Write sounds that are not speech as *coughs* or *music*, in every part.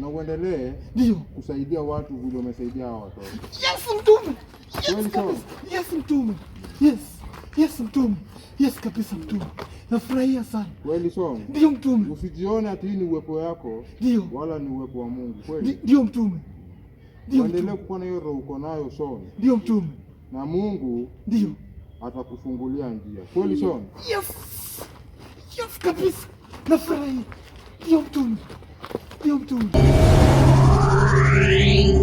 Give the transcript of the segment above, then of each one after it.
na uendelee ndio kusaidia watu vile umesaidia hao watoto. Yes mtume. Yes kabisa. Yes mtume. Yes. Yes mtume. Yes kabisa mtume. Nafurahia sana. Kweli somo. Ndio mtume. Usijione ati ni uwepo yako. Ndio. Wala ni uwepo wa Mungu. Kweli. Ndio mtume. Ndio. Endelea kuwa na hiyo roho uko nayo somo. Ndio mtume. Na Mungu ndio atakufungulia njia. Kweli somo. Yes. Yes kabisa. Nafurahia. Ndio mtume yapıyor bütün? Hey,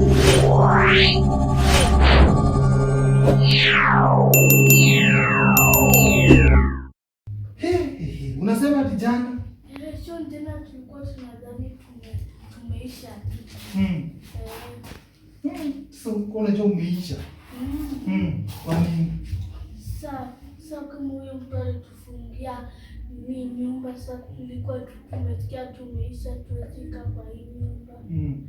unasema vijana? Election eh, tena tulikuwa tunadhani tumeisha. Hmm. Eh. Hmm, so, kuna umeisha. Hmm. Kwa nini? Sasa, sasa kama huyo mtu alitufungia ni nyumba sasa, kulikuwa tumesikia tumeisha tuwezika kwa hii nyumba mm.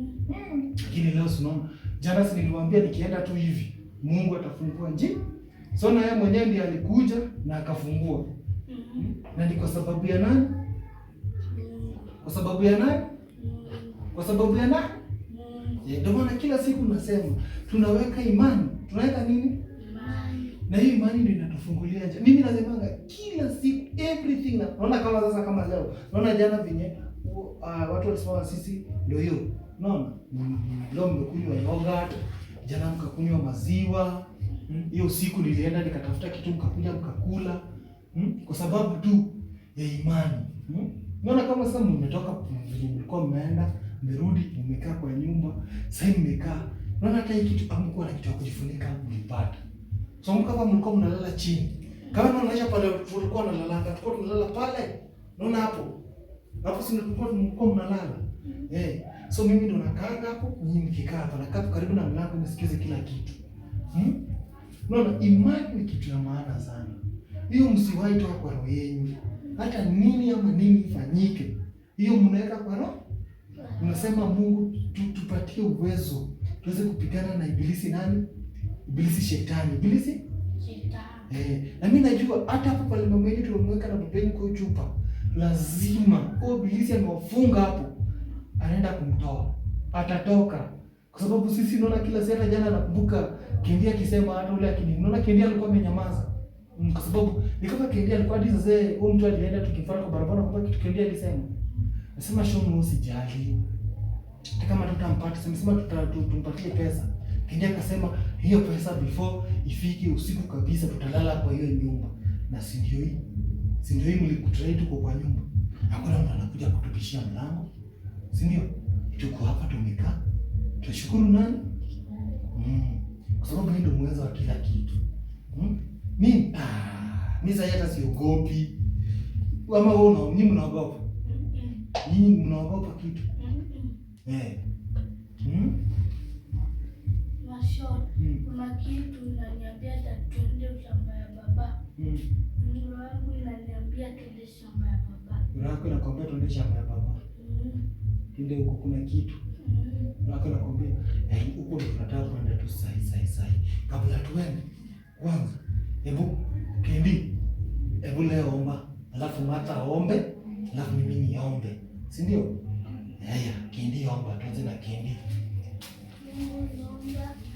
Mm. Lakini leo sinaona, jana si niliwaambia nikienda tu hivi Mungu atafungua njia. So na yeye mwenyewe ndiye alikuja na akafungua mm-hmm. mm -hmm. na ni kwa sababu ya nani? kwa sababu ya nani? kwa sababu ya nani? Ndio maana kila siku nasema tunaweka imani, tunaweka nini? Imani. Na hii imani ndio inatufungulia njia. Mimi nasemanga kila siku everything na naona kama sasa kama leo naona jana vinye uh, ah, watu walisema sisi ndio hiyo naona mm, leo mmekunywa yogurt jana mkakunywa maziwa mm, hiyo hmm? siku nilienda nikatafuta kitu mkakunywa mkakula hmm? kwa sababu tu ya imani hmm? naona kama sasa mmetoka mlikuwa mmeenda mmerudi mmekaa kwa nyumba sasa mmekaa naona hata hii kitu amkuwa na kitu ya kujifunika mlipata so mkapa mlikuwa mnalala chini kama unaisha pale tulikuwa tunalalanga, tulikuwa tunalala pale. Unaona hapo? Hapo si tulikuwa tulikuwa mnalala. Mm-hmm. Eh. So mimi ndo nakaa hapo, mimi nikikaa hapa, nakaa karibu na mlango nisikize kila kitu. Hmm? Unaona imani ni kitu ya maana sana. Hiyo msiwahi toa kwa roho yenu. Hata nini ama nini ifanyike. Hiyo mnaweka kwa roho. Unasema Mungu tu, tupatie uwezo tuweze kupigana na ibilisi nani? Ibilisi shetani. Ibilisi shetani. Eh, na mimi najua hata hapo pale mama yetu tumemweka na pembeni kwa chupa. Lazima kwa bilisi amewafunga hapo. Anaenda kumtoa. Atatoka. Kwa sababu sisi naona kila sasa jana nakumbuka kiingia akisema hata ule akini. Naona kiingia alikuwa amenyamaza. Mm, kwa sababu ni kama kiingia alikuwa hadi sasa huyo mtu alienda tukifara kwa barabara kwa kitu kiingia alisema. Nasema shomu usijali. Hata kama tutampata, sema tutampatie pesa. Kiingia akasema hiyo pesa before ifike usiku kabisa, tutalala kwa hiyo nyumba. Na si ndio hii? Si ndio hii mlikutrai tuko kwa nyumba. Hakuna mtu anakuja kutupishia mlango. Si ndio? Tuko hapa tumekaa. Tunashukuru nani? Mm. Kwa sababu ndio mwanzo wa kila kitu. Mm. ah, mimi sasa siogopi. Kama wewe unao mimi mnaogopa. Mimi mnaogopa kitu. Eh. Mm. John, hmm. kuna kitu hmm. inaniambia tuende shamba ya baba. Roho yangu inaniambia tuende shamba ya baba. Roho yako inakwambia tuende shamba ya baba. Tuende huko kuna kitu. Roho hmm. yako inakwambia eh, huko ndio tunataka kwenda tu sai sai sai. Kabla tuende kwanza, hebu kendi. Hebu leo omba, alafu mata ombe, alafu mimi niombe. Si ndio? Haya, kendi omba, tuanze na kendi. Mungu naomba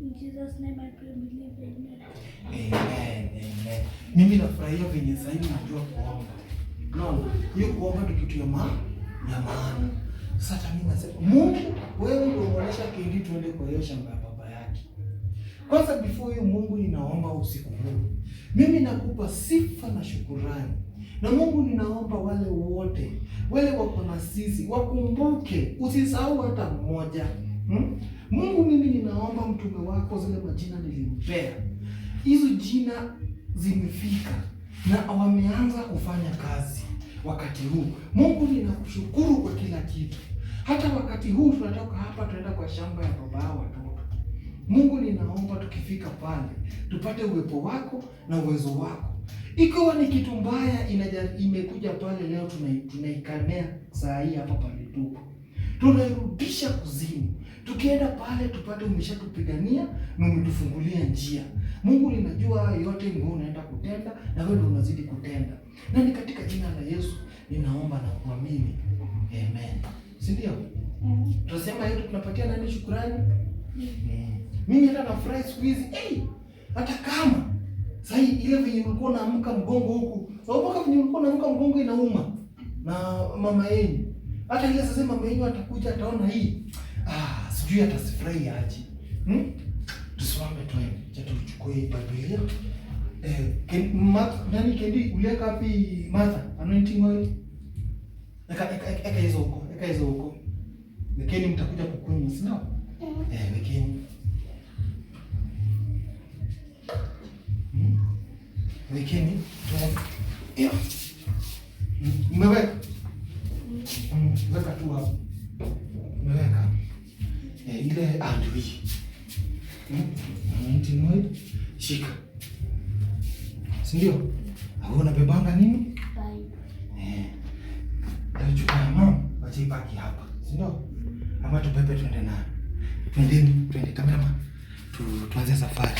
In Jesus name I pray, believe, amen. Amen, amen. Mimi nafurahia venye zaini najua kuomba. No, hiyo kuomba ni kitu ya maana, ya maana. Sasa mimi nasema Mungu, wewe ndio unaonesha kindi tuende kwa hiyo shamba ya baba yake. Kwanza before hiyo Mungu inaomba usiku huu. Mimi nakupa sifa na shukurani. Na Mungu ninaomba wale wote, wale wako na sisi, wakumbuke, usisahau hata mmoja. Hmm? Mungu, mimi ninaomba mtume wako, zile majina nilimpea, hizo jina zimefika na wameanza kufanya kazi wakati huu. Mungu, ninakushukuru kwa kila kitu. Hata wakati huu tunatoka hapa, tunaenda kwa shamba ya baba watoto. Mungu, ninaomba tukifika pale tupate uwepo wako na uwezo wako. Ikiwa ni kitu mbaya imekuja pale leo, tunaikamea tunai saa hii hapa pale tuko, tunairudisha kuzimu Tukienda pale tupate umeshatupigania na umetufungulia njia. Mungu linajua yote, ni wewe unaenda kutenda na wewe ndio unazidi kutenda. Na ni katika jina la Yesu ninaomba na kuamini. Amen. Si ndio? Mm. -hmm. Tunasema yetu tunapatia nani shukrani? Mm. Mimi hata nafurahi siku hizi. Hey, hata kama sasa ile venye ulikuwa unaamka mgongo huku, sababu venye ulikuwa unaamka mgongo inauma na mama yenu. Hata ile sasa mama yenu atakuja ataona hii. Ah, sijui atasifurahi aje. Hmm? Tusimame twende. Acha tuchukue Biblia. Eh, ken, mat, nani kendi uliweka wapi Martha? Anointing oil. Eka eka eka hizo huko. Eka hizo huko. Wekeni mtakuja kukunywa, si ndio? Mm. Eh, wekeni. Hmm? Wekeni. Tuone. Mmeweka. Hmm, Mmeweka hmm, tu hapo ile andui mtinoid hmm? shika, si ndio? Au unabebanga nini? Eh, ya mama, wacha ibaki hapa, si ndio? Ama tubebe twende na twendeni, twende kamera, tuanze safari.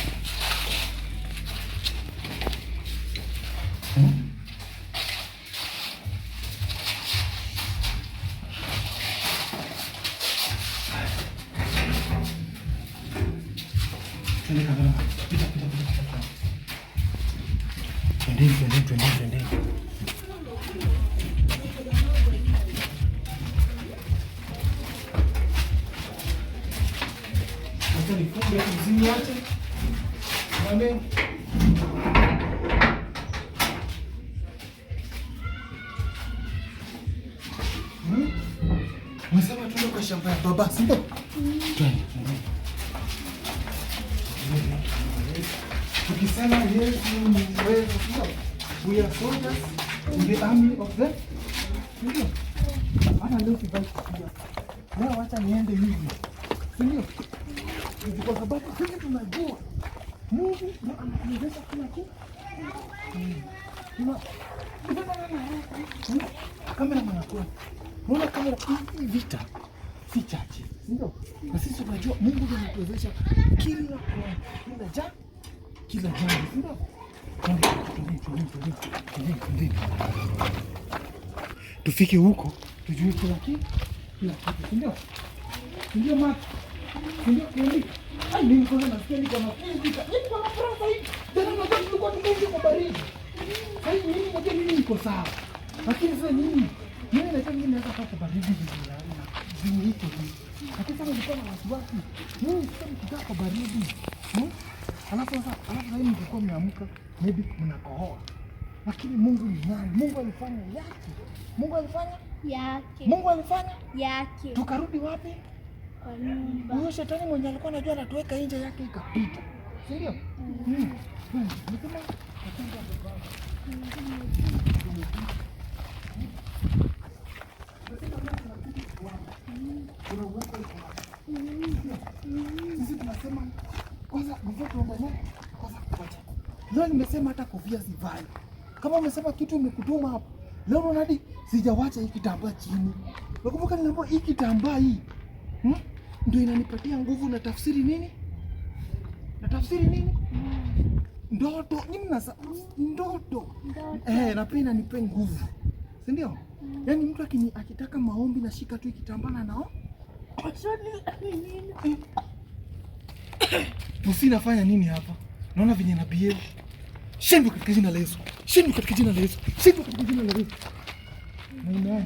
Tukisema Yesu ni wewe, uwezo, we are soldiers in the army of the ndio. ana leo sibaki kuja. Leo acha niende hivi. Si ndio? Kwa sababu sisi tunajua Mungu ndio anatuwezesha kila kitu. Hmm. Kamera manakuwa. Unaona kamera hii vita si chache. Ndio. Na sisi tunajua Mungu ndio anatuwezesha kila kila jambo kila jambo. Tufike huko tujue kila kitu, kila kitu, Ni mkono hii. Jana na kwa yaani sawa, lakini sasa nini, mimi na tangu naweza pata baridi vizuri vizuri hicho hivi, lakini sasa na wasiwasi, mimi sasa nikitaka baridi, hmm Alafu sasa, alafu sasa mlikuwa mmeamka maybe mnakohoa. Lakini Mungu ni nani? Mungu alifanya yake. Mungu alifanya yake. Mungu alifanya yake. Tukarudi wapi? Kwa nyumba. Huyo shetani mwenye alikuwa anajua anatuweka nje yake ikapita. Si ndio? Mm. mm. Nikuma nataka mm. mm. Kuna uwepo. Sisi tunasema kwanza kuvua tuangalie. Kwanza kwanza. Leo nimesema hata kofia sivai. Kama umesema kitu imekutuma hapo. Leo unaona hadi sijawacha hii kitambaa chini. Nakumbuka niliambiwa hii kitambaa hii. Hmm? Ndio inanipatia nguvu na tafsiri nini? Na tafsiri nini? Mm. Ndoto, mimi nasa ndoto. Eh, na pia inanipa nguvu. Si ndio? Mm. Yaani mtu akitaka maombi nashika tu kitambaa na nao. Kwa nini? Bosi, *coughs* nafanya nini hapa? Naona venye na behave. Shindu katika jina la Yesu. Shindu katika jina la Yesu. Shindu katika jina la Yesu. Mwana.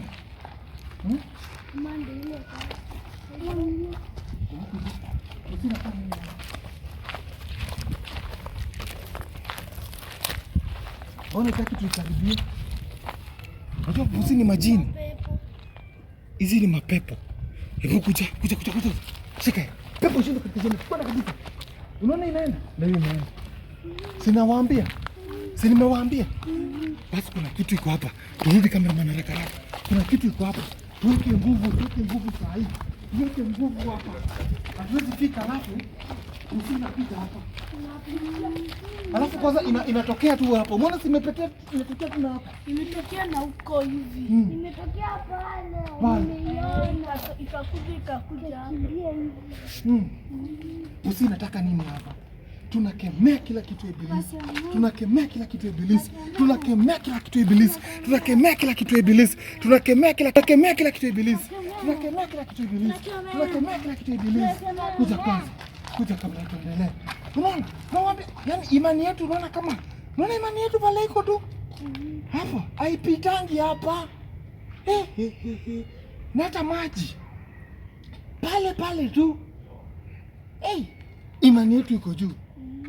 Hmm? Mwana. Mwana. Ona taki tuikaribia. Unajua bosi ni majini. Hizi ni mapepo. Hebu kuja, kuja, kuja, kuja. Shika pepo shindo kapigeni kwenda kabisa. Unaona inaenda na hiyo inaenda, sinawaambia si nimewaambia. Basi kuna kitu iko hapa, turudi kameraman haraka haraka, kuna kitu iko hapa, tuweke nguvu, tuweke nguvu saa hii, tuweke nguvu hapa, hatuwezi fika alafu Alafu kwanza ina, inatokea tu hapo. Mbona simepetea imetokea tu hapa. Imetokea na huko hivi. Hmm. Imetokea pale. Umeiona ikakuja ikakuja hapa. Mm. Usi nataka nini hapa? Tunakemea kila kitu ibilisi. Tunakemea kila kitu ibilisi. Tunakemea kila kitu ibilisi. Tunakemea kila kitu ibilisi. Tunakemea kila tunakemea kila kitu ibilisi. Tunakemea kila kitu ibilisi. Tunakemea kila kitu ibilisi. Kuja kwanza kuja kabla tuendelee. Unaona, naomba yani imani yetu unaona kama unaona imani yetu pale iko tu. Hapo haipitangi hapa. Eh, eh, eh, eh. Na hata maji pale pale tu. Eh, imani yetu iko juu.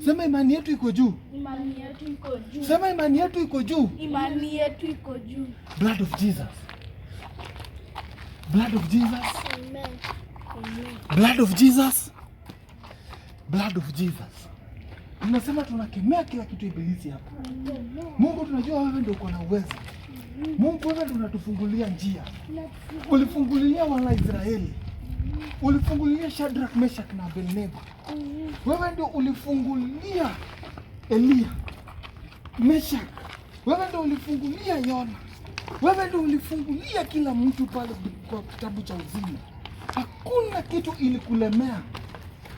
Sema imani yetu iko juu. Imani yetu iko juu. Sema imani yetu iko juu. Imani yetu iko juu. Blood of Jesus. Blood of Jesus. Amen. Blood of Jesus. Amen blood of Jesus. Tunasema tunakemea kila kitu ibilisi hapa. Mungu, tunajua wewe ndio uko na uwezo. Mungu, wewe ndio unatufungulia njia. Ulifungulia wana Israeli, ulifungulia Shadrach, Meshach na Abednego. Wewe ndio ulifungulia Elia, Meshach. Wewe ndio ulifungulia Yona. Wewe ndio ulifungulia kila mtu pale kwa kitabu cha uzima. Hakuna kitu ilikulemea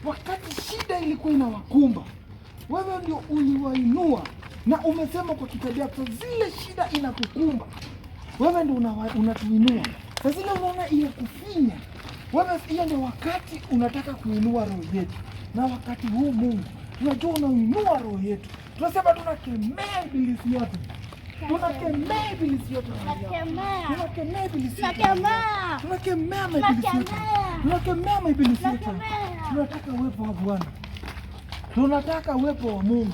wakati shida ilikuwa inawakumba wewe ndio uliwainua, na umesema kwa kitabia, kwa zile shida inakukumba wewe ndio unatuinua. Sasa zile unaona kufinya wewe, hiyo ndio wakati unataka kuinua roho yetu, na wakati huu Mungu unajua unainua roho yetu, tunasema tunakemea ibilisi yote tunakemea ibilisi yote, tunakemea ibilisi yote, tunakemea maibilisi yote, tunakemea tunataka uwepo wa Bwana, tunataka uwepo wa Mungu,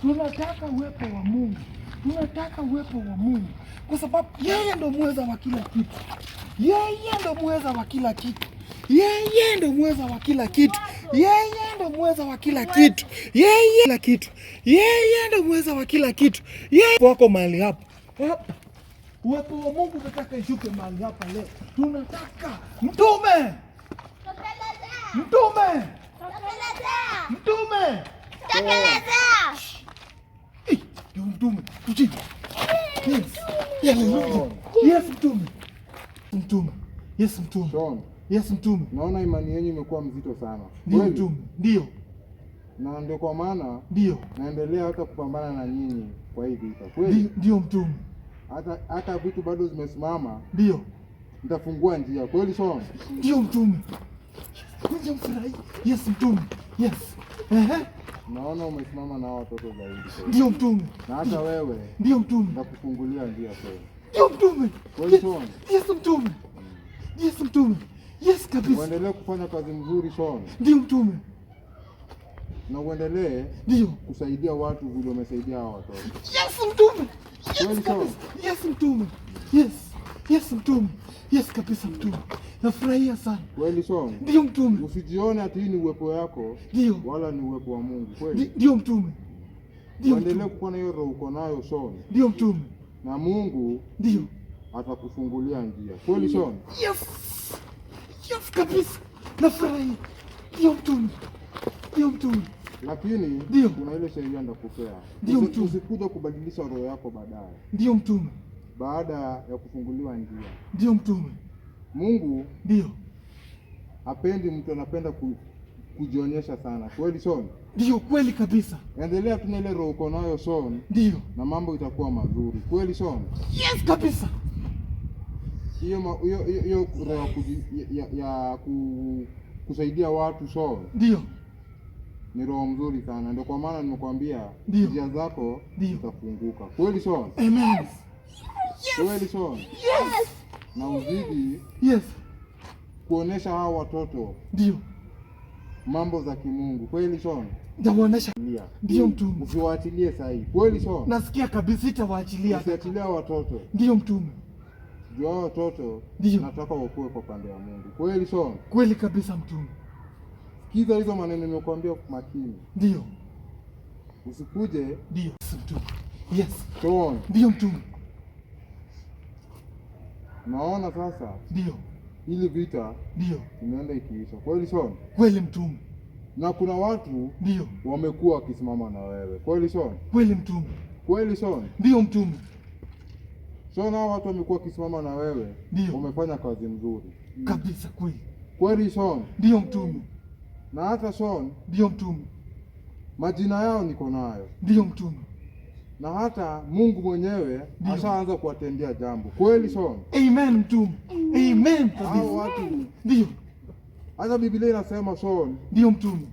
tunataka uwepo wa Mungu, tunataka uwepo wa Mungu kwa sababu yeye ndo muweza wa kila kitu, yeye ndo muweza wa kila kitu, yeye ndo muweza wa kila kitu, yeye ndo muweza wa kila kitu, yeye kila kitu, yeye ndo muweza wa kila kitu. Yeye wako mahali hapa Uwepo wa Mungu tunataka ishuke mahali hapa leo. Tunataka mtume Mtume, mtume, mtume, mtume, mtume yes, mtume. Sean. Yes, mtume. Naona imani yenu imekuwa mzito sana. Ndio mtume. Ndio. Na ndio kwa maana ndio naendelea hata kupambana na nyinyi kwa hii vita. Kweli? Ndio mtume. Hata hata vitu bado zimesimama. Ndio. Nitafungua njia. Kweli Shon? Ndio mtume. Mwenye Yes, mtume. Yes. Ehe. Naona umesimama na watoto zaidi. Ndio mtume. Na hata wewe. Ndio mtume. Nakufungulia njia sasa. Ndio mtume. Yes, mtume. Yes, mtume. Yes, kabisa. Uendelee kufanya kazi mzuri Shon. Ndio mtume. Na uendelee ndio kusaidia watu vile umesaidia hao watoto. Yes, mtume. Yes, kabisa. Yes, mtume. Yes. Yes mtume, yes kabisa mtume, nafurahia sana kweli. Somo ndio mtume, usijione ati hii ni uwepo yako, ndio wala ni uwepo wa Mungu kweli, ndio mtume, endelee kuwa na hiyo roho uko nayo somo, ndio mtume, na Mungu ndio atakufungulia njia kweli somo. Yes, yes kabisa, nafurahia, ndio mtume, ndio mtume lakini ndio kuna ile sheria ndakupea, ndio mtume, usikuja kubadilisha roho yako baadaye, ndio mtume baada ya kufunguliwa njia. Ndiyo mtume, Mungu ndiyo hapendi mtu anapenda ku, kujionyesha sana. Kweli Son? Ndiyo, kweli kabisa. Endelea tu na ile roho uko nayo Son. Ndiyo, na mambo itakuwa mazuri. Kweli Son? Yes kabisa. Hiyo hiyo roho ya, ya ku, kusaidia watu Son. Ndiyo ni roho mzuri sana, ndio kwa maana nimekwambia njia zako zitafunguka. Kweli Son? Amen. Yes. Na uzidi yes, kuonesha hao watoto ndio mambo za kimungu kweli Shona, nitawaonesha ndio mtume, usiwaachilie saa kweli Shona, nasikia kabisa itawaachilia, Usiachilie watoto ndio mtume Ndio hao watoto ndio nataka wakue kwa pande ya Mungu kweli Shona, kweli kabisa mtume. Sikiza hizo maneno nimekuambia kwa makini, ndio usikuje ndio mtume. Yes. ndio mtume Naona sasa ndio ili vita ndio imeenda ikiisha kweli, Shon, kweli mtume, na kuna watu ndio wamekuwa wakisimama na wewe kweli, Shon, kweli mtume, kweli Shon, ndio mtume Shon, hao watu wamekuwa wakisimama na wewe ndio wamefanya kazi nzuri kabisa, kweli kweli, Shon, ndio mtume, na hata Shon, ndio mtume, majina yao niko nayo, ndio mtume na hata Mungu mwenyewe ashaanza kuwatendea jambo kweli. So amen, mtu amen kabisa, watu ndio hata Biblia inasema so ndio mtume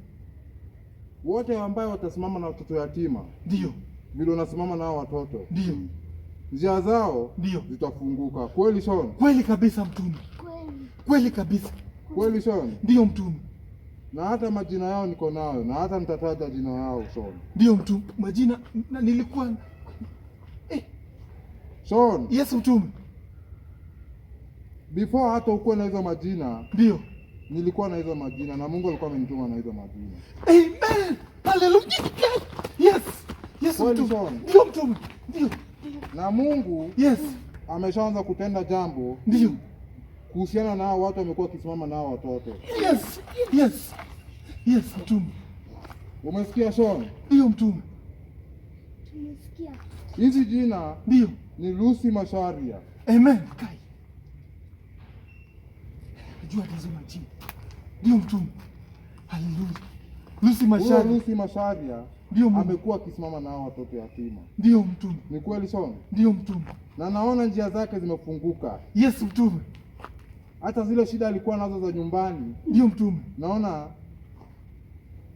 wote ambao watasimama na watoto yatima, ndio vile unasimama nao watoto, ndio njia zao ndio zitafunguka kweli. So kweli kabisa, mtume kweli kabisa, kweli so ndio mtume na hata majina yao niko nayo, na hata nitataja jina yao son. Ndio mtu majina na nilikuwa eh. Son. Yes mtume, before hata ukuwa na hizo majina, ndio nilikuwa na hizo majina na Mungu alikuwa amenituma na hizo majina. Amen. Hallelujah. Yes. Yes mtume. Ndio mtume. Ndio. Na Mungu yes ameshaanza kutenda jambo. Ndio kuhusiana na hao watu wamekuwa wakisimama na hao watoto. Yes, yes, yes, mtume. Umesikia Shon? Ndio mtume. Tumesikia. Hizi jina ndio ni Lucy Masharia. Amen. Kai. Jua hizo majina. Ndio mtume. Haleluya. Lucy Masharia. Lucy Masharia ndio amekuwa akisimama na hao watoto yatima. Ndio mtume. Ni kweli Shon? Ndio mtume. Na naona njia zake zimefunguka. Yes, mtume hata zile shida alikuwa nazo za nyumbani, ndio mtume, naona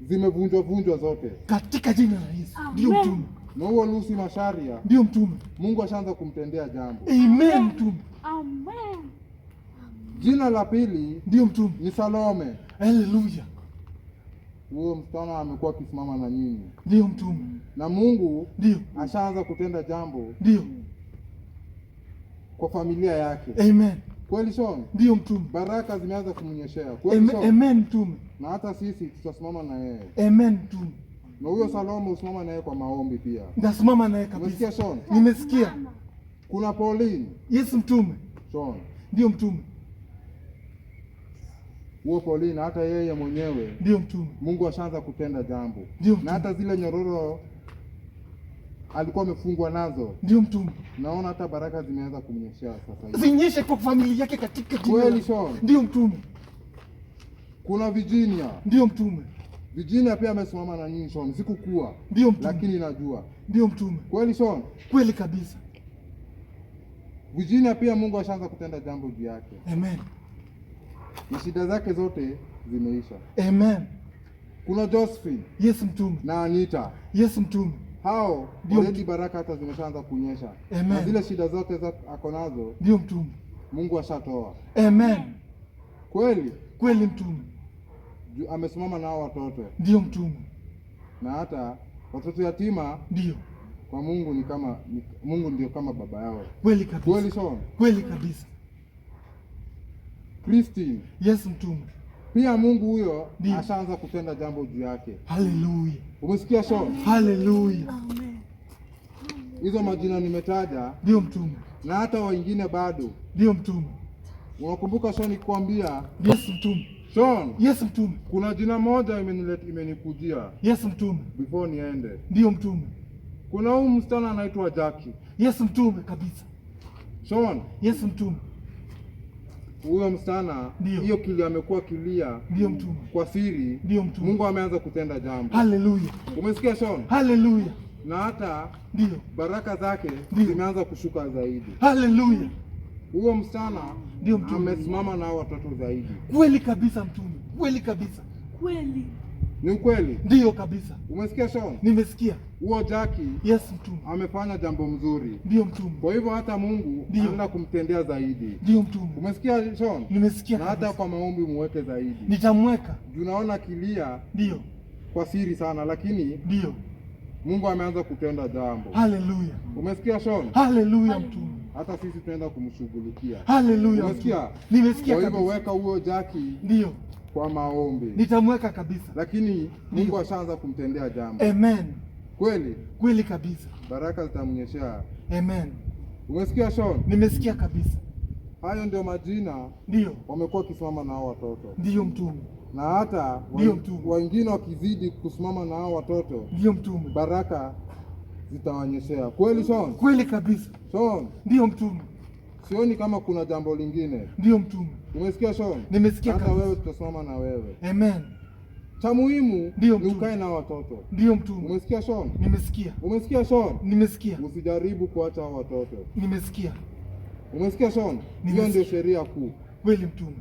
zimevunjwa vunjwa zote katika jina la Yesu, ndio mtume. Na huo Lucy Masharia, ndio mtume, Mungu ashaanza kumtendea jambo. Amen, mtume. Amen. Jina la pili, ndio mtume, ni Salome. Haleluya. Huyo msichana amekuwa akisimama na nyinyi, ndio mtume, na Mungu ndio ashaanza kutenda jambo, ndio kwa familia yake. Amen. Kweli Son ndio mtume, baraka zimeanza kumnyeshea kweli Son. Amen mtume, na hata sisi tutasimama na yeye. Amen mtume. Na huyo Salomo usimama naye kwa maombi pia. Ndasimama naye kabisa. Umesikia Son? Nimesikia. Kuna Pauline. Yes mtume. Son ndio mtume huo Pauline, hata yeye mwenyewe ndio mtume. Mungu ashaanza kutenda jambo na hata zile nyororo alikuwa amefungwa nazo, ndio mtume, Naona hata baraka zimeanza kumnyeshea sasa hivi, zinyeshe kwa familia yake katika jina kweli. Shon ndio mtume. Kuna Virginia ndio mtume. Virginia pia amesimama na nyinyi Shon, sikukua ndio mtume, lakini najua ndio mtume kweli. Shon kweli kabisa. Virginia pia Mungu ashaanza kutenda jambo juu yake. Amen. Shida zake zote zimeisha. Amen. Kuna Josephine. Yes mtume. Na Anita. Yes mtume hao ndio baraka hata zimeshaanza kunyesha na zile shida zote ako nazo ndio mtume Mungu ashatoa. Amen. Kweli kweli, mtume amesimama nao watoto ndio mtume, na hata watoto yatima ndio kwa Mungu ni kama ni, Mungu ndio kama baba yao. Kweli kabisa. Kweli sana. Kweli kabisa. Christine. Yes, mtume. Pia Mungu huyo ashaanza kutenda jambo juu yake. Haleluya. Umesikia show? Haleluya. Hizo majina nimetaja ndio mtume, na hata wengine bado ndio mtume. Unakumbuka show nikwambia? Yes mtume. Sean. Yes mtume. Kuna jina moja imenileta imenikujia. Yes mtume. Before niende. Ndio mtume. Kuna huyu msichana anaitwa Jackie. Yes mtume kabisa. Sean. Yes mtume huyo msichana hiyo kilia amekuwa kilia ndio mtume kwa siri, ndio mtume. Mungu ameanza kutenda jambo. Haleluya, umesikia Shon? Haleluya. Na hata ndio baraka zake zimeanza kushuka zaidi. Haleluya, huyo msichana ndio mtume amesimama nao watoto zaidi. Kweli kabisa mtume, kweli kabisa, kweli. Ni ukweli? Ndiyo kabisa. Umesikia Shaun? Nimesikia. Huo Jaki. Yes mtume. Amefanya jambo mzuri. Ndiyo mtume. Kwa hivyo hata Mungu anaenda kumtendea zaidi. Ndiyo mtume. Umesikia Shaun? Nimesikia. Na hata kwa maombi muweke zaidi. Nitamweka. Unaona kilia. Ndiyo. Kwa siri sana lakini ndiyo. Mungu ameanza kutenda jambo. Haleluya. Umesikia Shaun? Haleluya mtume. Hata sisi tunaenda kumshughulikia. Haleluya. Umesikia? Nimesikia kabisa. Kwa hivyo weka huo Jaki. Ndiyo kwa maombi nitamweka kabisa, lakini Mungu ashaanza kumtendea jambo. Amen. Kweli kweli kabisa, baraka zitamnyeshea. Amen. Umesikia Shaun? Nimesikia kabisa. Hayo ndio majina ndio wamekuwa wakisimama na hao watoto, ndiyo mtume, na hata wengine wakizidi kusimama na hao watoto, ndio mtume, baraka zitawanyeshea. Kweli Shaun? Kweli kabisa Shaun, Ndio mtume. Sioni kama kuna jambo lingine. Ndio mtume, umesikia Shauri? Nimesikia kama wewe, tutasimama na wewe. Amen. Cha muhimu ni ukae na watoto. Ndio mtume, umesikia Shauri? Nimesikia. Umesikia Shauri? Nimesikia. Usijaribu kuacha watoto. Nimesikia. Umesikia Shauri? Hiyo ndio sheria kuu. Kweli mtume.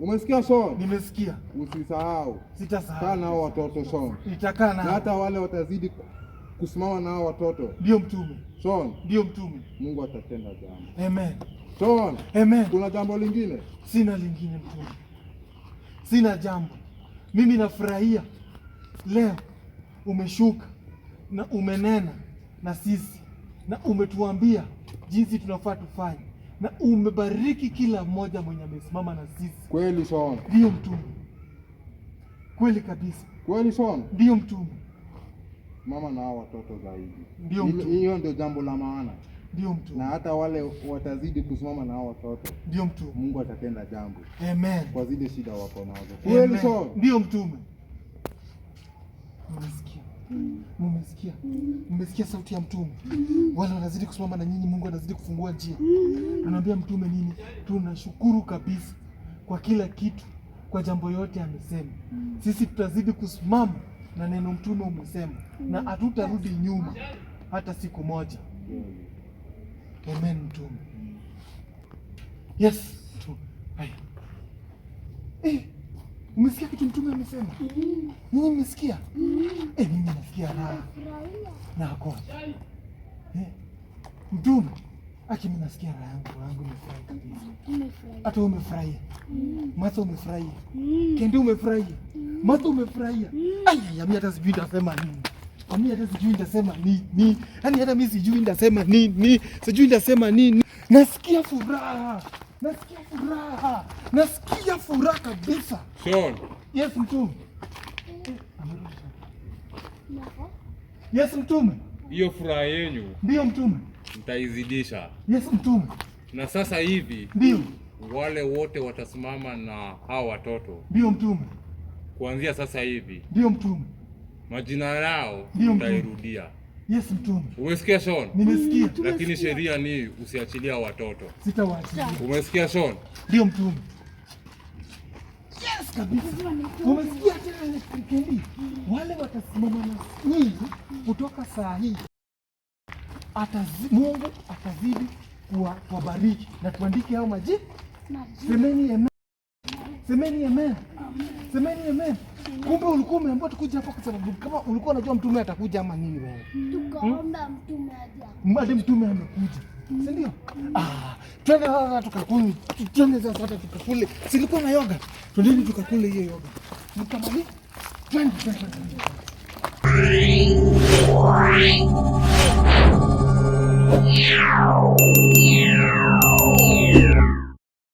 Umesikia Shaun? Nimesikia. Usisahau. Sitasahau. Kaa nao watoto Shaun. Nitakaa na. Hata wale watazidi kusimama nao watoto. Ndio mtume. Shaun. Ndio mtume. Mungu atatenda jambo. Amen. Tunaona. Amen. Kuna jambo lingine? Sina lingine mtume, sina jambo. Mimi nafurahia leo umeshuka na umenena na sisi na umetuambia jinsi tunafaa tufanye, na umebariki kila mmoja mwenye amesimama na sisi. Kweli sana. Ndio mtume, kweli kabisa. Kweli sana. Ndio mtume. Mama na hao watoto zaidi, hiyo ndio jambo la maana. Ndio mtu. Na hata wale watazidi kusimama na hao watoto. Ndio mtu. Mungu atatenda jambo. Amen. Kwa zile shida wako nazo. Kweli so. Ndio mtume. Mmesikia? Mmesikia? Mmesikia sauti ya mtume? Wale wanazidi kusimama na nyinyi, Mungu anazidi kufungua njia. Anaambia mtume nini? Tunashukuru kabisa kwa kila kitu, kwa jambo yote amesema. Sisi tutazidi kusimama na neno mtume umesema na hatutarudi nyuma hata siku moja momentum. Yes. Eh, umesikia kitu mtume amesema? Nini mmesikia? Eh, mimi nasikia raha na eh, mtume aki, mimi nasikia raha yangu yangu imefurahi kabisa. Hata umefurahi Martha, umefurahi Kendi, umefurahia Martha, umefurahia. Mm. Aya, mimi hata sijui nitasema nini Ami hata sijui nitasema nini. Yaani hata mimi sijui nitasema nini. Sijui nitasema nini. Nasikia furaha. Nasikia furaha. Nasikia furaha kabisa. Sean. Yes mtume. Yes mtume. Hiyo furaha yenu. Ndio mtume. Mtaizidisha. Yes mtume. Na sasa hivi. Ndio. Wale wote watasimama na hao watoto. Ndio mtume. Kuanzia sasa hivi. Ndio mtume majina yao utairudia. Yes, mtume. Umesikia Sean? Nimesikia. Lakini sheria ni usiachilia watoto. Sitawaachilia. Umesikia Sean? Ndio mtume. Yes, kabisa. Umesikia tena Ezekieli? Wale watasimama na nyinyi kutoka saa hii. Atazi, Mungu atazidi kuwabariki na tuandike hao majina. Semeni amen. Semeni amen. Semeni amen. Kumbe ulikuwa umeambiwa tukuja hapa kwa sababu kama ulikuwa unajua mtume atakuja ama nini wewe? Hmm? Tukaomba mtume aje. Mbali mtume amekuja. Si ndio? Hmm. Ah, twende sasa tukakule. Twende sasa tukakule. Si na yoga? Twendeni tukakule hiyo yoga. Mtamani? Twende twende.